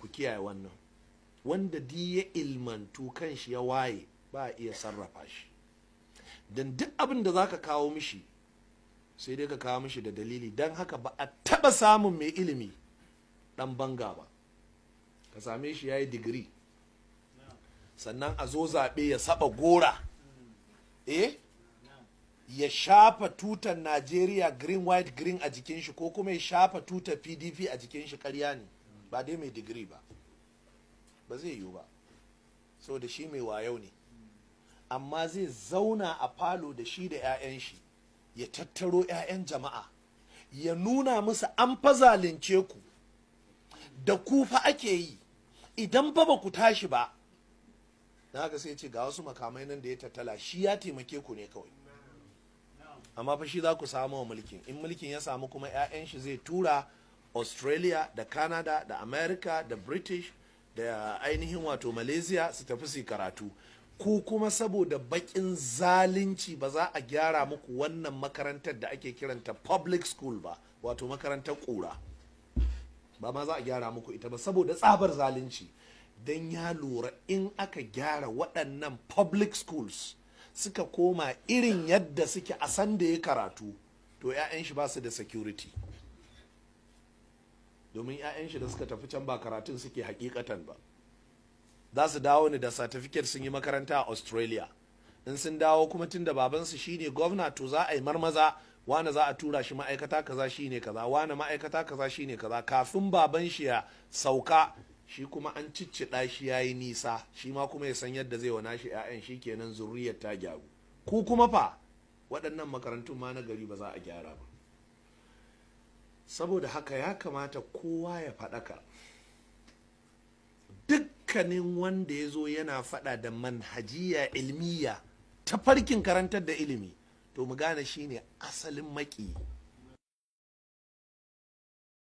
ku kiyaye wannan wanda di ya ilmantu kanshi ya waye ba a iya sarrafa shi don duk abin da za ka kawo mishi sai dai ka kawo mishi da dalili don haka ba a taba samun mai ilimi dan banga ba ka same shi ya yi digiri sannan a zo zaɓe ya saba gora eh ya shafa tutar najeriya green white green a jikin shi ko kuma ya shafa tutar pdp a jikin shi karya ne ba dai mai digiri ba ba zai yiwu ba da shi mai wayo ne amma zai zauna a falo da shi da 'ya'yan shi ya tattaro 'ya'yan jama'a ya nuna musu an fa zalunce ku da ku fa ake yi idan ba ba ku tashi ba na haka sai ce ga wasu makamai nan da ya tattala shi ya taimake ku ne kawai amma fa shi za ku samu wa mulkin in mulkin ya samu kuma 'ya'yan shi zai tura australia da canada da america da british da ainihin wato malaysia su tafi su karatu ku kuma saboda bakin zalunci ba za a gyara muku wannan makarantar da ake kiranta public school ba wato makarantar kura ba ma za a gyara muku ita ba saboda tsabar zalunci don ya lura in aka gyara waɗannan public schools suka koma irin yadda suke a sanda ya karatu to 'ya'yan shi ba su da security domin 'ya'yan shi da suka tafi can ba karatun suke hakikatan ba za su dawo ni da satifiket sun yi makaranta a australia in sun dawo kuma tun da babansu shine gwamna to za a yi marmaza wane za a tura shi ma'aikata kaza shine kaza wane ma'aikata kaza shine kaza kafin baban shi ya sauka shi kuma an ciccida shi ya yi nisa shi ma kuma ya san yadda zai wana shi 'ya'yan shi kenan zuriyar ta gyaru ku kuma fa waɗannan makarantun ma na gari ba za a gyara ba saboda haka ya kamata kowa ya faɗaka dukkanin wanda ya zo yana faɗa da manhajiya ilmiya ta farkin karantar da ilimi to mu gane shine asalin maki.